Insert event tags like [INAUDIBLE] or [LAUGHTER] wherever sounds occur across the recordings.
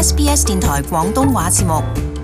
SBS 電台廣東話節目。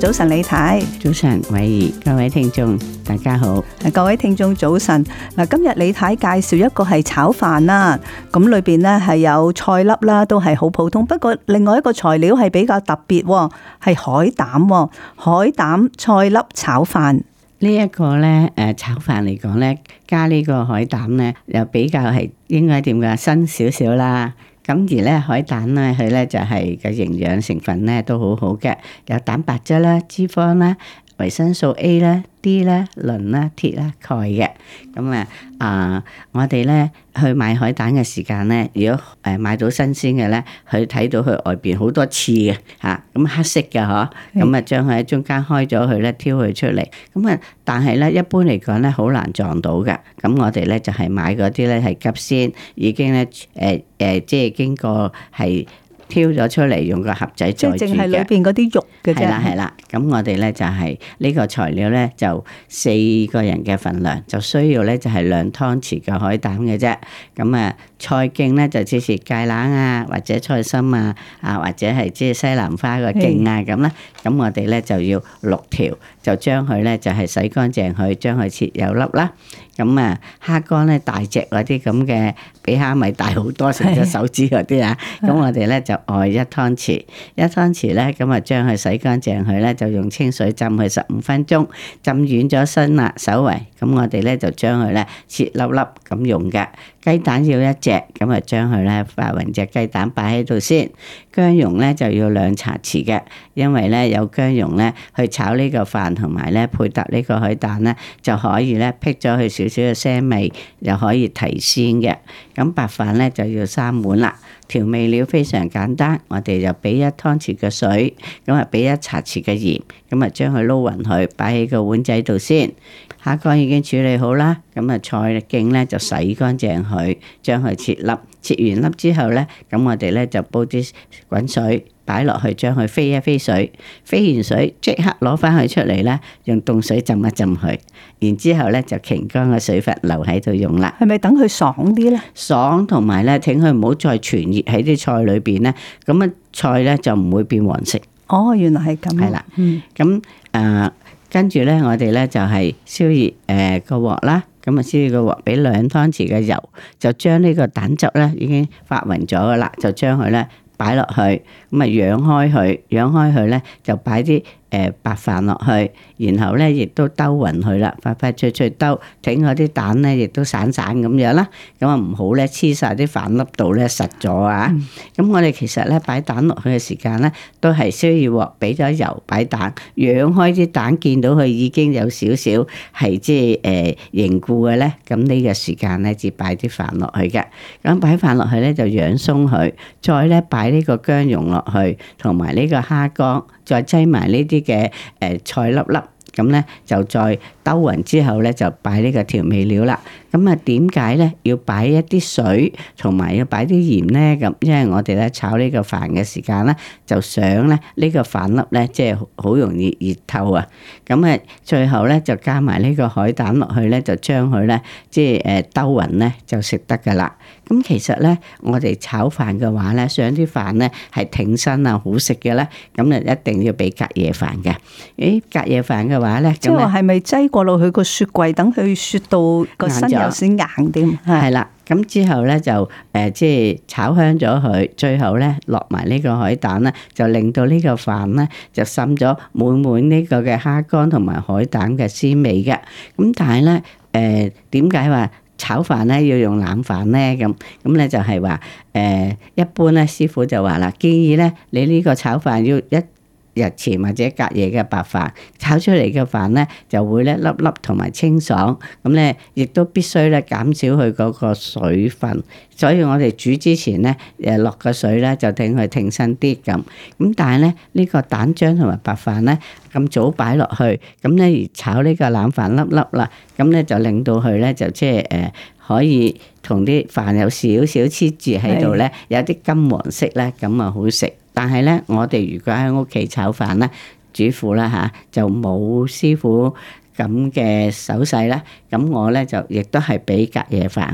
早晨，李太。早晨，偉儀。各位聽眾，大家好。各位聽眾，早晨。嗱，今日李太介紹一個係炒飯啦。咁裏邊呢係有菜粒啦，都係好普通。不過另外一個材料係比較特別，係海膽。海膽菜粒炒飯呢一個呢，誒，炒飯嚟講呢，加呢個海膽呢，又比較係應該點噶，新少少啦。咁而呢海膽呢，佢呢就係個營養成分呢都好好嘅，有蛋白質啦、脂肪啦、維生素 A 啦，啲咧磷啦、鐵啦、鈣嘅，咁啊啊，我哋咧去買海膽嘅時間咧，如果誒買到新鮮嘅咧，佢睇到佢外邊好多刺嘅嚇，咁啊黑色嘅嗬，咁啊將佢喺中間開咗佢咧，挑佢出嚟，咁啊，但係咧一般嚟講咧，好難撞到嘅，咁我哋咧就係買嗰啲咧係急鮮，已經咧誒誒，即係經過係。挑咗出嚟，用個盒仔再煮嘅。即係淨係裏邊啲肉嘅啫。係啦，係啦。咁我哋咧就係呢個材料咧，就四個人嘅份量就需要咧，就係兩湯匙嘅海膽嘅啫。咁啊，菜莖咧就切切芥蘭啊，或者菜心啊，啊或者係即係西蘭花個莖啊咁啦。咁的我哋咧就要六條，就將佢咧就係洗乾淨佢，將佢切幼粒啦。咁啊，蝦乾咧大隻嗰啲咁嘅，比蝦米大好多，成隻手指嗰啲啊，咁的我哋咧就愛一湯匙，一湯匙咧，咁啊將佢洗乾淨佢咧，就用清水浸佢十五分鐘，浸軟咗身啦手圍，咁我哋咧就將佢咧切粒粒咁用㗎。雞蛋要一隻，咁啊將佢咧拌勻隻雞蛋，擺喺度先。薑蓉咧就要兩茶匙嘅，因為咧有薑蓉咧去炒呢個飯同埋咧配搭呢個海膽咧，就可以咧辟咗佢少少嘅腥味，又可以提鮮嘅。咁白飯咧就要三碗啦。調味料非常簡單，我哋就俾一湯匙嘅水，咁啊俾一茶匙嘅鹽，咁啊將佢撈勻佢，擺喺個碗仔度先。蝦乾已經處理好啦，咁啊菜莖咧就洗乾淨。佢將佢切粒，切完粒之後咧，咁我哋咧就煲啲滾水，擺落去將佢飛一飛水，飛完水即刻攞翻佢出嚟啦，用凍水浸一浸佢，然之後咧就瓊乾嘅水分留喺度用啦。係咪等佢爽啲咧？爽同埋咧，請佢唔好再存熱喺啲菜裏邊咧，咁啊菜咧就唔會變黃色。哦，原來係咁。係啦，嗯，咁誒，跟住咧，我哋咧就係燒熱誒個鑊啦。咁啊，先個鍋俾兩湯匙嘅油，就將呢個蛋汁咧已經發勻咗嘅啦，就將佢咧擺落去，咁啊，揚開佢，揚開佢咧就擺啲，誒白飯落去，然後咧亦都兜勻佢啦，快快脆脆兜。整嗰啲蛋咧亦都散散咁樣啦。咁啊唔好咧黐晒啲飯粒度咧實咗啊。咁 [LAUGHS] 我哋其實咧擺蛋落去嘅時間咧，都係需要鑊俾咗油擺蛋，養開啲蛋，見到佢已經有少少係即係誒凝固嘅咧。咁呢個時間咧就擺啲飯落去嘅。咁擺飯落去咧就養鬆佢，再咧擺呢個薑蓉落去，同埋呢個蝦乾，再擠埋呢啲。嘅誒菜粒粒，咁咧就再兜勻之後咧，就擺呢個調味料啦。咁啊，點解咧要擺一啲水，同埋要擺啲鹽咧？咁因為我哋咧炒呢個飯嘅時間咧，就想咧呢個飯粒咧，即係好容易熱透啊。咁啊，最後咧就加埋呢個海膽落去咧，就將佢咧即係誒兜勻咧，就食得噶啦。咁其實咧，我哋炒飯嘅話咧，上啲飯咧係挺身啊，好食嘅咧，咁咧一定要俾隔夜飯嘅。誒，隔夜飯嘅話咧，即係係咪擠過落去個雪櫃，等佢雪到個身有先硬啲？係啦了，咁之後咧就誒，即係炒香咗佢，最後咧落埋呢個海膽咧，就令到呢個飯咧就滲咗滿滿呢個嘅蝦乾同埋海膽嘅鮮味嘅。咁但係咧，誒點解話？炒飯咧要用冷飯呢，咁咁咧就係話，一般咧師傅就話啦，建議咧你呢個炒飯要一日前或者隔夜嘅白飯炒出嚟嘅飯咧，就會咧粒粒同埋清爽。咁咧，亦都必須咧減少佢嗰個水分。所以我哋煮之前咧，誒落個水咧就等佢挺身啲咁。咁但係咧，呢個蛋漿同埋白飯咧咁早擺落去，咁咧而炒呢個冷飯粒粒啦，咁咧就令到佢咧就即係誒可以同啲飯有少少黐住喺度咧，是有啲金黃色咧，咁啊好食。但係咧，我哋如果喺屋企炒飯咧，主婦啦吓、啊，就冇師傅咁嘅手勢啦。咁、啊、我咧就亦都係俾隔夜飯，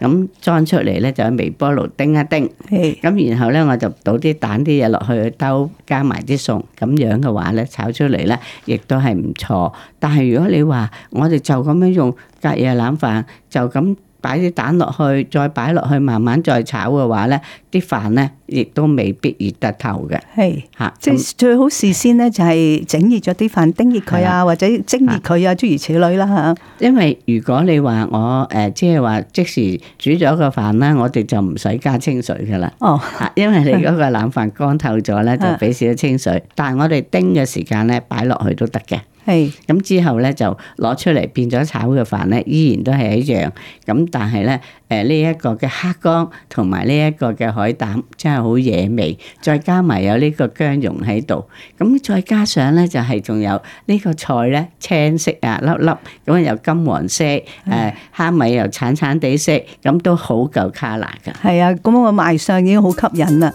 咁、啊、裝出嚟咧就喺微波爐叮一叮。咁、啊啊、然後咧我就倒啲蛋啲嘢落去兜，加埋啲餸，咁樣嘅話咧炒出嚟咧亦都係唔錯。但係如果你話我哋就咁樣用隔夜冷飯，就咁擺啲蛋落去，再擺落去慢慢再炒嘅話咧。啲飯咧，亦都未必熱得透嘅。係嚇是，啊、即係最好事先咧，就係整熱咗啲飯，叮的熱佢啊，或者蒸熱佢啊，的諸如此類啦嚇。啊、因為如果你話我誒，即係話即時煮咗個飯咧，我哋就唔使加清水噶啦。哦，啊、因為你嗰個冷飯乾透咗咧，就俾少少清水。的啊、但係我哋叮嘅時間咧，擺落去都得嘅。係咁的之後咧，就攞出嚟變咗炒嘅飯咧，依然都係一樣。咁但係咧。誒呢一個嘅蝦乾同埋呢一個嘅海膽，真係好惹味，再加埋有呢個薑蓉喺度，咁再加上呢，就係仲有呢個菜呢，青色啊粒粒，咁啊又金黃色，誒、嗯、蝦米又橙橙地色，咁都好夠卡辣㗎。係啊，咁我賣相已經好吸引啦。